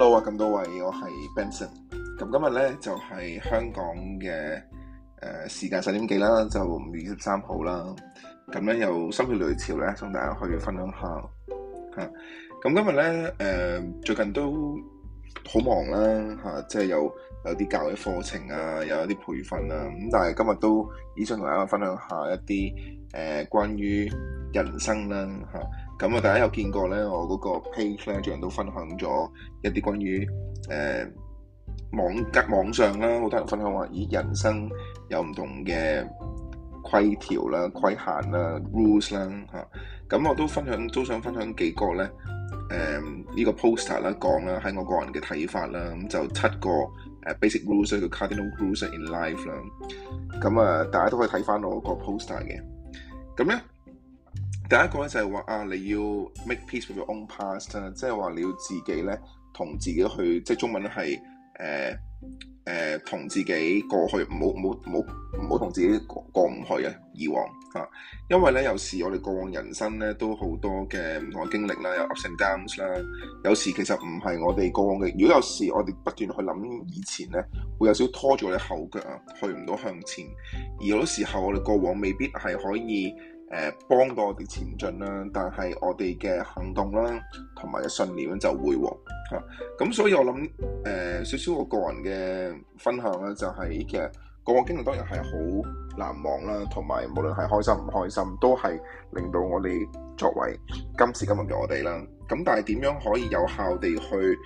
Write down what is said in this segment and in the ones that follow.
Hello 啊，咁多位，我係 Benson，咁今日咧就係、是、香港嘅誒、呃、時間十點幾啦，就五月十三號啦，咁咧又心血來潮咧，同大家去分享下吓，咁、啊、今日咧誒、呃、最近都好忙啦吓，即、啊、係、就是、有有啲教育課程啊，又有啲培訓啊，咁但係今日都以張同大家分享一下一啲誒、呃、關於人生啦吓。啊咁啊！大家有見過咧？我嗰個 page 咧，最近都分享咗一啲關於誒、呃、網吉網上啦，好多人分享話以人生有唔同嘅規條啦、規限啦、rules 啦嚇。咁、啊、我都分享都想分享幾個咧。誒、呃、呢、呢個 poster 啦，講啦喺我個人嘅睇法啦。咁就七個誒 basic rules 咧，叫 cardinal rules in life 啦。咁啊、呃，大家都可以睇翻我嗰個 poster 嘅。咁咧。第一個咧就係話啊，你要 make peace with your own past 即係話你要自己咧同自己去，即係中文咧係誒誒同自己過去，唔好唔好唔好唔好同自己過唔去嘅以往啊，因為咧有時我哋過往人生咧都好多嘅唔同嘅經歷啦，有 ups and downs 啦，有時其實唔係我哋過往嘅，如果有時我哋不斷去諗以前咧，會有少少拖住我哋後腳啊，去唔到向前，而有時候我哋過往未必係可以。誒幫到我哋前進啦，但係我哋嘅行動啦，同埋信念就會喎。咁所以我諗誒少少我個人嘅分享咧，就係，就係其實過往經歷當然係好難忘啦，同埋無論係開心唔開心，都係令到我哋作為今時今日嘅我哋啦。咁但係點樣可以有效地去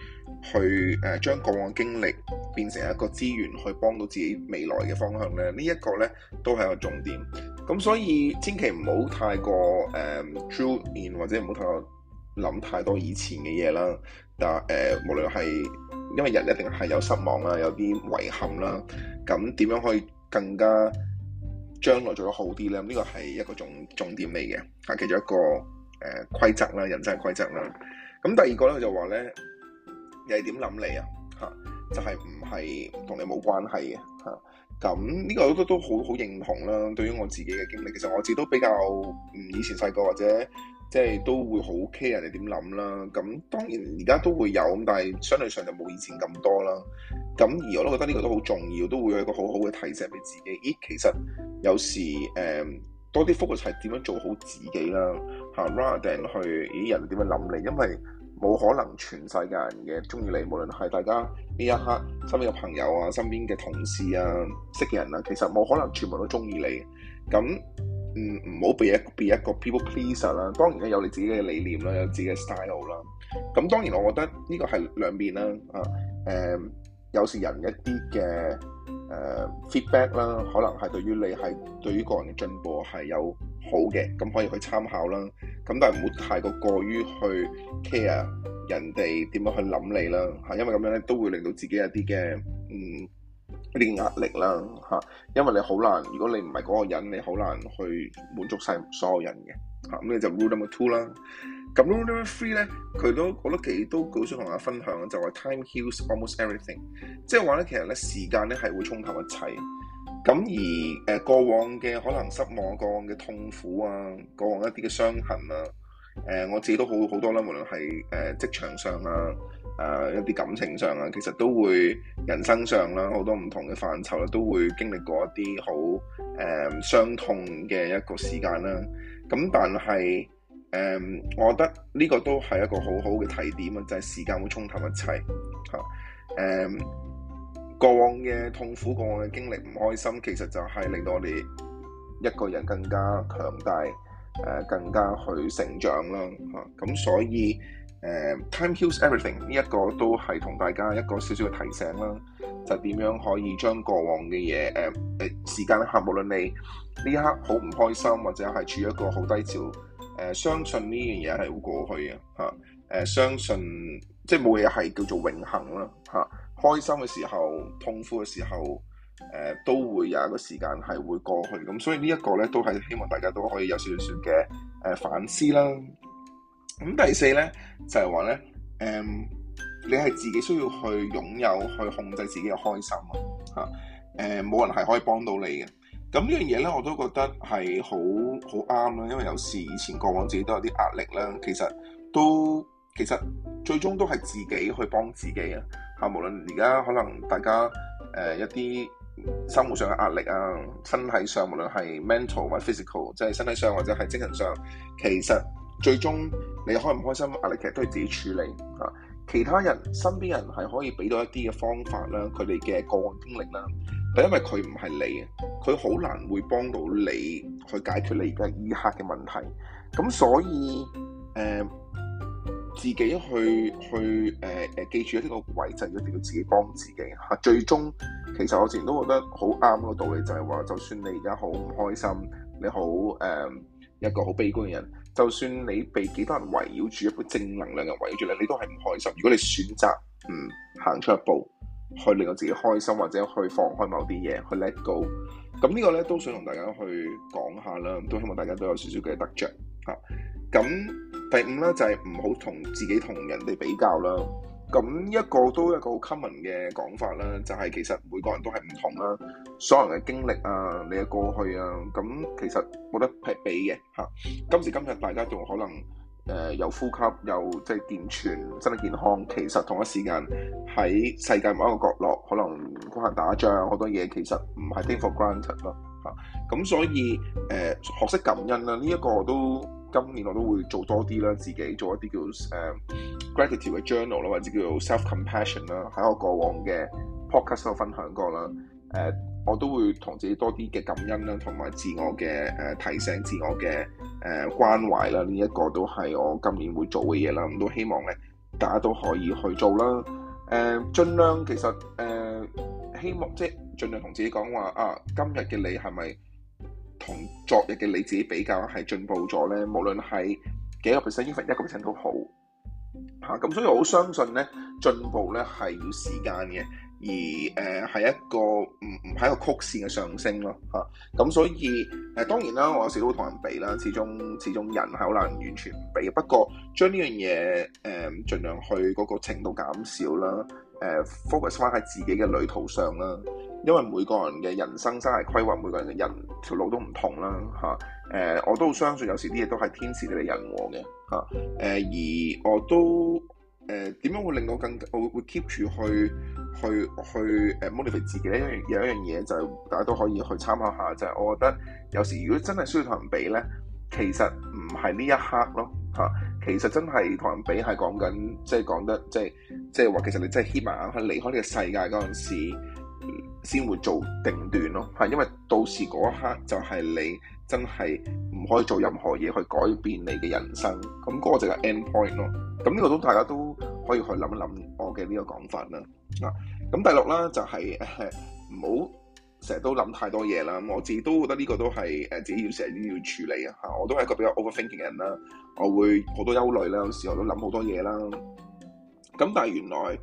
去誒將過往經歷變成一個資源，去幫到自己未來嘅方向呢？呢、這、一個呢，都係一個重點。咁所以千祈唔好太過誒，draw in 或者唔好太過諗太多以前嘅嘢啦。但係誒、呃，無論係因為人一定係有失望啦，有啲遺憾啦，咁點樣可以更加將來做得好啲咧？呢個係一個重重點嚟嘅吓，其中一個誒規則啦，人生規則啦。咁第二個咧就話咧，又係點諗你啊？吓，就係唔係同你冇關係嘅吓。咁呢個我都都好好認同啦。對於我自己嘅經歷，其實我自己都比較嗯以前細個或者即係都會好 care 人哋點諗啦。咁當然而家都會有咁，但係相對上就冇以前咁多啦。咁而我都覺得呢個都好重要，都會有一個好好嘅提醒俾自己。咦，其實有時誒、嗯、多啲 focus 係點樣做好自己啦，吓 rather than 去咦人哋點樣諗你，因為。冇可能全世界人嘅中意你，無論係大家呢一刻身邊嘅朋友啊、身邊嘅同事啊、識嘅人啊，其實冇可能全部都中意你。咁，嗯，唔好畀一畀一個 people pleaser 啦、啊。當然啦，有你自己嘅理念啦、啊，有自己嘅 style 啦、啊。咁當然，我覺得呢個係兩面啦。啊，誒、嗯，有時人一啲嘅誒 feedback 啦、啊，可能係對於你係對於個人嘅進步係有。好嘅，咁可以去參考啦。咁但係唔好太過過於去 care 人哋點樣去諗你啦，嚇，因為咁樣咧都會令到自己有啲嘅嗯一啲壓力啦，嚇。因為你好難，如果你唔係嗰個人，你好難去滿足晒所有人嘅。嚇，咁你就 rule number two 啦。咁 rule number three 咧，佢都我都幾都好想同大家分享，就係 time heals almost everything，即係話咧，其實咧時間咧係會沖淡一切。咁而誒、呃、過往嘅可能失望啊，過往嘅痛苦啊，過往一啲嘅傷痕啊，誒、呃、我自己都好好多啦，無論係誒職場上啊，誒、呃、一啲感情上啊，其實都會人生上啦、啊，好多唔同嘅範疇啦、啊，都會經歷過一啲好誒傷痛嘅一個時間啦、啊。咁但係誒、呃，我覺得呢個都係一個好好嘅提點啊，就係時間會沖淡一切，嚇、誒。啊呃過往嘅痛苦，過往嘅經歷唔開心，其實就係令到我哋一個人更加強大，誒、呃，更加去成長啦，吓、啊，咁所以誒、呃，time heals everything 呢一個都係同大家一個少少嘅提醒啦，就點樣可以將過往嘅嘢，誒、呃、誒，時間一刻，無論你呢一刻好唔開心或者係處於一個好低潮，誒、呃，相信呢樣嘢係會過去嘅，吓、啊，誒、呃，相信即係冇嘢係叫做永恆啦，吓、啊。開心嘅時候，痛苦嘅時候，誒、呃、都會有一個時間係會過去，咁所以呢一個呢，都係希望大家都可以有少少嘅誒反思啦。咁、嗯、第四呢，就係、是、話呢，誒、嗯、你係自己需要去擁有去控制自己嘅開心啊，吓誒冇人係可以幫到你嘅。咁呢樣嘢呢，我都覺得係好好啱啦，因為有時以前過往自己都有啲壓力啦，其實都其實最終都係自己去幫自己啊。吓、啊！無論而家可能大家誒、呃、一啲生活上嘅壓力啊，身體上無論係 mental 或 physical，即係身體上或者係精神上，其實最終你開唔開心，壓力其實都係自己處理吓、啊。其他人身邊人係可以俾到一啲嘅方法啦，佢哋嘅個案經歷啦，但因為佢唔係你，佢好難會幫到你去解決你而家呢刻嘅問題。咁所以誒、呃自己去去誒誒、呃、記住呢個位置，一定要自己幫自己嚇。最終其實我之前都覺得好啱嗰個道理，就係話，就算你而家好唔開心，你好誒、呃、一個好悲觀嘅人，就算你被幾多人圍繞住，一個正能量嘅圍繞住咧，你都係唔開心。如果你選擇唔行、嗯、出一步，去令到自己開心，或者去放開某啲嘢去 let go，咁呢個呢都想同大家去講下啦，都希望大家都有少少嘅得着嚇咁。啊。第五咧就係唔好同自己同人哋比較啦，咁一個都一個好 common 嘅講法啦，就係其實每個人都係唔同啦，所有人嘅經歷啊，你嘅過去啊，咁其實冇得匹比嘅吓。今時今日大家仲可能誒又呼吸，又即係健全身體健康，其實同一時間喺世界某一個角落，可能可能打仗，好多嘢其實唔係 take for granted 咯吓。咁所以誒學識感恩啦，呢一個都。今年我都會做多啲啦，自己做一啲叫、呃、gratitude 嘅 journal 啦，或者叫做 self compassion 啦、啊。喺我過往嘅 podcast 都分享過啦。誒、啊，我都會同自己多啲嘅感恩啦，同、啊、埋自我嘅誒、啊、提醒、自我嘅誒、啊、關懷啦。呢一個都係我今年會做嘅嘢啦。咁、啊、都希望咧，大家都可以去做啦。誒、啊，盡量其實誒、啊，希望即係盡量同自己講話啊，今日嘅你係咪？同昨日嘅你自己比較係進步咗咧，無論係幾個 percent，even 一個 percent 都好嚇。咁、啊、所以我好相信咧，進步咧係要時間嘅，而誒係、呃、一個唔唔係一個曲線嘅上升咯嚇。咁、啊、所以誒、呃、當然啦，我有時都會同人比啦，始終始終人係好難完全唔比。不過將呢樣嘢誒盡量去嗰個程度減少啦，誒 focus 翻喺自己嘅旅途上啦。因為每個人嘅人生真係規劃，每個人嘅人條路都唔同啦。嚇，誒，我都好相信有時啲嘢都係天時地利人和嘅嚇。誒、啊啊，而我都誒點樣會令我更我會會 keep 住去去去誒 motivate 自己咧？有有一樣嘢就係大家都可以去參考下，就係、是、我覺得有時如果真係需要同人比咧，其實唔係呢一刻咯嚇、啊。其實真係同人比係講緊即係講得即係即係話，其實你真係希望埋眼離開呢個世界嗰陣時。先會做定段咯，係因為到時嗰一刻就係你真係唔可以做任何嘢，去改變你嘅人生，咁、那、嗰個就係 end point 咯。咁呢個都大家都可以去諗一諗我嘅呢個講法啦。啊，咁第六啦就係、是、誒，唔好成日都諗太多嘢啦。我自己都覺得呢個都係誒，自己要成日都要處理啊。吓，我都係一個比較 overthinking 嘅人啦，我會好多憂慮啦，有時我都諗好多嘢啦。咁但係原來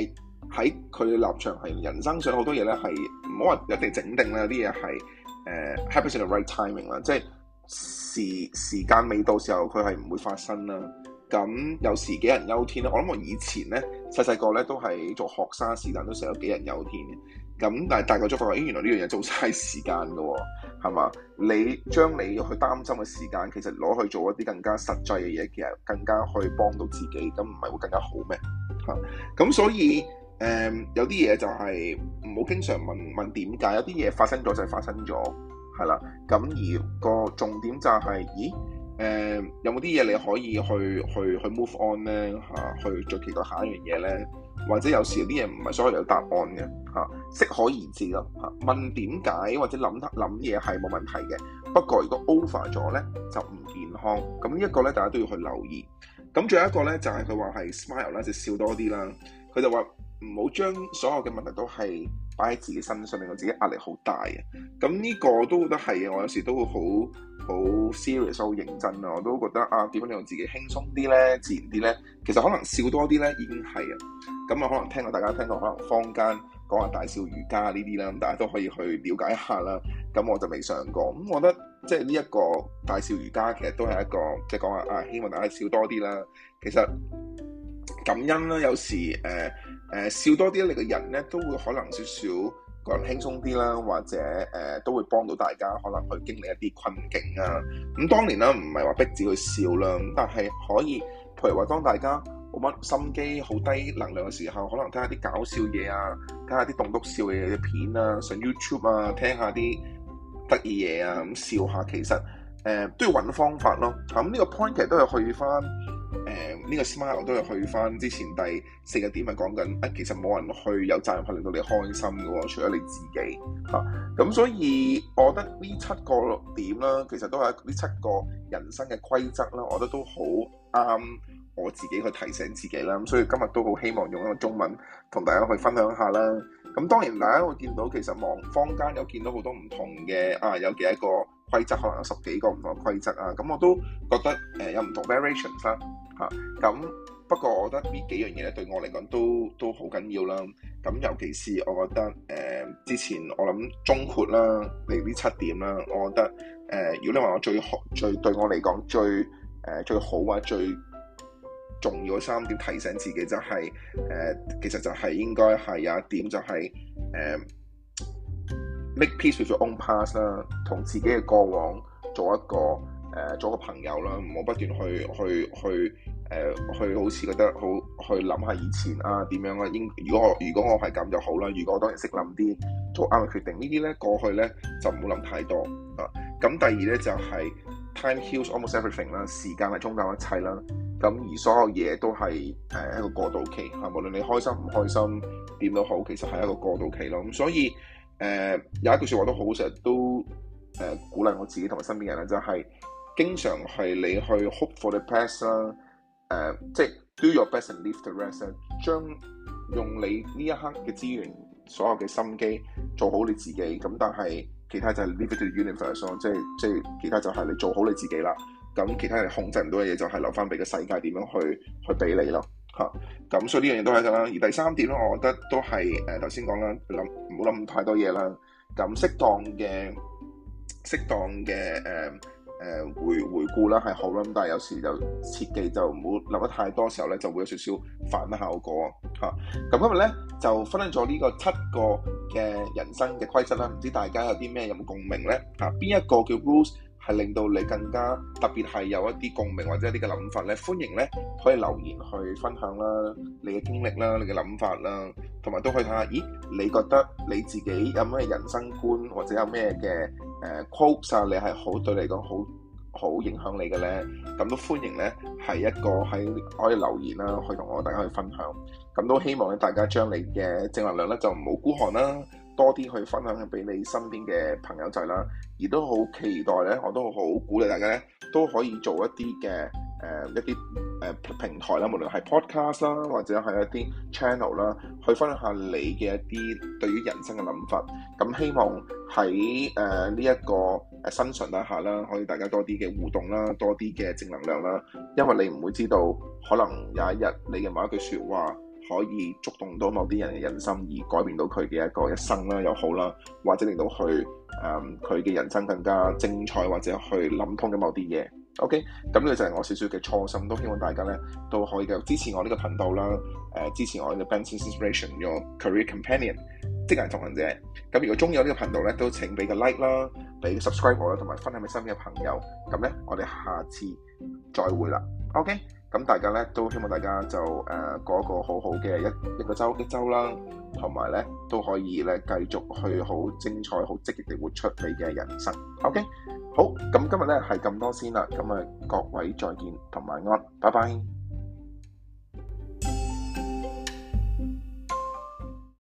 誒。喺佢嘅立場係人生上好多嘢咧係唔好話人哋整定啦，有啲嘢係誒 happening the right timing 啦，即係時時間未到的時候，佢係唔會發生啦。咁有時杞人憂天啦。我諗我以前咧細細個咧都係做學生的時間，但都成咗杞人憂天嘅。咁但係大個咗發覺，原來呢樣嘢做晒時間㗎喎，係嘛？你將你要去擔心嘅時間，其實攞去做一啲更加實際嘅嘢，其實更加去幫到自己，咁唔係會更加好咩？嚇，咁所以。誒、嗯，有啲嘢就係唔好經常問問點解，有啲嘢發生咗就係發生咗，係啦。咁而個重點就係、是，咦，誒、嗯，有冇啲嘢你可以去去去 move on 咧？吓、啊，去再期待下一樣嘢咧，或者有時啲嘢唔係所謂有答案嘅，吓、啊，適可而止咯。吓、啊，問點解或者諗諗嘢係冇問題嘅。不過如果 over 咗咧，就唔健康。咁呢一個咧，大家都要去留意。咁仲有一個咧，就係佢話係 smile 啦，就笑多啲啦。佢就話。唔好將所有嘅問題都係擺喺自己身上面，我自己的壓力好大嘅。咁呢個都覺得係嘅，我有時都會好好 serious、好認真啊。我都覺得啊，點樣令到自己輕鬆啲呢？自然啲呢？其實可能笑多啲呢已經係啊。咁啊，可能聽過大家聽過可能坊間講下大笑瑜伽呢啲啦，咁大家都可以去了解一下啦。咁我就未上過，咁我覺得即係呢一個大笑瑜伽其實都係一個即係講下啊，希望大家笑多啲啦。其實感恩啦，有時誒。呃誒笑多啲，你個人呢都會可能少少，可能輕鬆啲啦，或者誒、呃、都會幫到大家，可能去經歷一啲困境啊。咁、嗯、當年啦，唔係話逼自己去笑啦，但係可以，譬如話當大家冇乜心機、好低能量嘅時候，可能睇下啲搞笑嘢啊，睇下啲棟篤笑嘅片啊，上 YouTube 啊，聽下啲得意嘢啊，咁、嗯、笑下。其實誒、呃、都要揾方法咯。咁、嗯、呢、呢個 point 其實都係去返。誒、這、呢個 smile 都係去翻之前第四個點，係講緊啊。其實冇人去有責任去令到你開心嘅喎，除咗你自己嚇。咁所以我覺得呢七個六點啦，其實都係呢七個人生嘅規則啦。我覺得都好啱我自己去提醒自己啦。咁所以今日都好希望用一個中文同大家去分享一下啦。咁當然大家會見到其實忙坊間有見到好多唔同嘅啊，有幾多個規則，可能有十幾個唔同嘅規則啊。咁我都覺得誒有唔同 variations 啦。嚇、啊，咁不過我覺得呢幾樣嘢咧，對我嚟講都都好緊要啦。咁尤其是我覺得，誒、呃、之前我諗總括啦，嚟呢七點啦，我覺得誒、呃，如果你話我最好最對我嚟講最誒、呃、最好或最重要嘅三點提醒自己，就是，就係誒，其實就係應該係有一點就係、是、誒、呃、make peace with your own past 啦，同自己嘅過往做一個。誒，做個朋友啦！唔好不斷去去去誒，去，去，去、呃、去好似覺得好去諗下以前啊，點樣啊？應如果我如果我係咁就好啦。如果我當然識諗啲做啱嘅決定，呢啲呢，過去呢就唔好諗太多啊。咁第二呢，就係、是、time heals almost everything 啦，時間係沖淡一切啦。咁、啊、而所有嘢都係誒、啊、一個過渡期嚇、啊，無論你開心唔開心點都好，其實係一個過渡期囉。咁、啊、所以誒、啊、有一句説話都好好，成日都、啊、鼓勵我自己同埋身邊人咧，就係、是。經常係你去 hope for the best 啦，誒，即係 do your best and leave the rest 啦，將用你呢一刻嘅資源、所有嘅心機做好你自己，咁但係其他就係 leave it to universe 咯、啊，即係即係其他就係你做好你自己啦，咁其他你控制唔到嘅嘢就係留翻俾個世界點樣去去俾你咯，嚇、啊，咁所以呢樣嘢都係咁啦。而第三點咧，我覺得都係誒頭先講啦，諗唔好諗太多嘢啦，咁適當嘅適當嘅誒。嗯誒回回顧啦，係好啦，咁但係有時就切記就唔好諗得太多時候呢，就會有少少反效果咁、啊、今日呢，就分享咗呢個七個嘅人生嘅規則啦，唔知大家有啲咩有冇共鳴呢？嚇、啊，邊一個叫 rules 係令到你更加特別係有一啲共鳴或者一啲嘅諗法呢？歡迎呢，可以留言去分享啦，你嘅經歷啦，你嘅諗法啦，同埋都可以睇下，咦，你覺得你自己有咩人生觀或者有咩嘅？誒你係好對你嚟講好好影響你嘅呢，咁都歡迎呢，係一個喺可以留言啦，可以同我大家去分享。咁都希望咧大家將你嘅正能量咧就唔好孤寒啦，多啲去分享俾你身邊嘅朋友仔啦。而都好期待呢，我都好鼓勵大家呢，都可以做一啲嘅。誒、呃、一啲誒平台啦，無論係 podcast 啦，或者係一啲 channel 啦，去分享下你嘅一啲對於人生嘅諗法。咁希望喺誒呢一個新常態下啦，可以大家多啲嘅互動啦，多啲嘅正能量啦。因為你唔會知道，可能有一日你嘅某一句説話，可以觸動到某啲人嘅人心，而改變到佢嘅一個一生啦，又好啦，或者令到佢誒佢嘅人生更加精彩，或者去諗通緊某啲嘢。OK，咁呢個就係我少少嘅初心，都希望大家呢都可以繼續支持我呢個頻道啦，誒、呃、支持我呢個 b e n c i n Inspiration，Your Career Companion 即係同行者。咁如果中意我呢個頻道呢，都請俾個 like 啦，俾 subscribe 我啦，同埋分享俾身邊嘅朋友。咁呢，我哋下次再會啦。OK，咁大家呢都希望大家就誒、呃、過一個好好嘅一一個周一周啦，同埋呢都可以呢繼續去好精彩、好積極地活出你嘅人生。OK。好，咁今日呢係咁多先啦，咁啊各位再見同晚安，拜拜。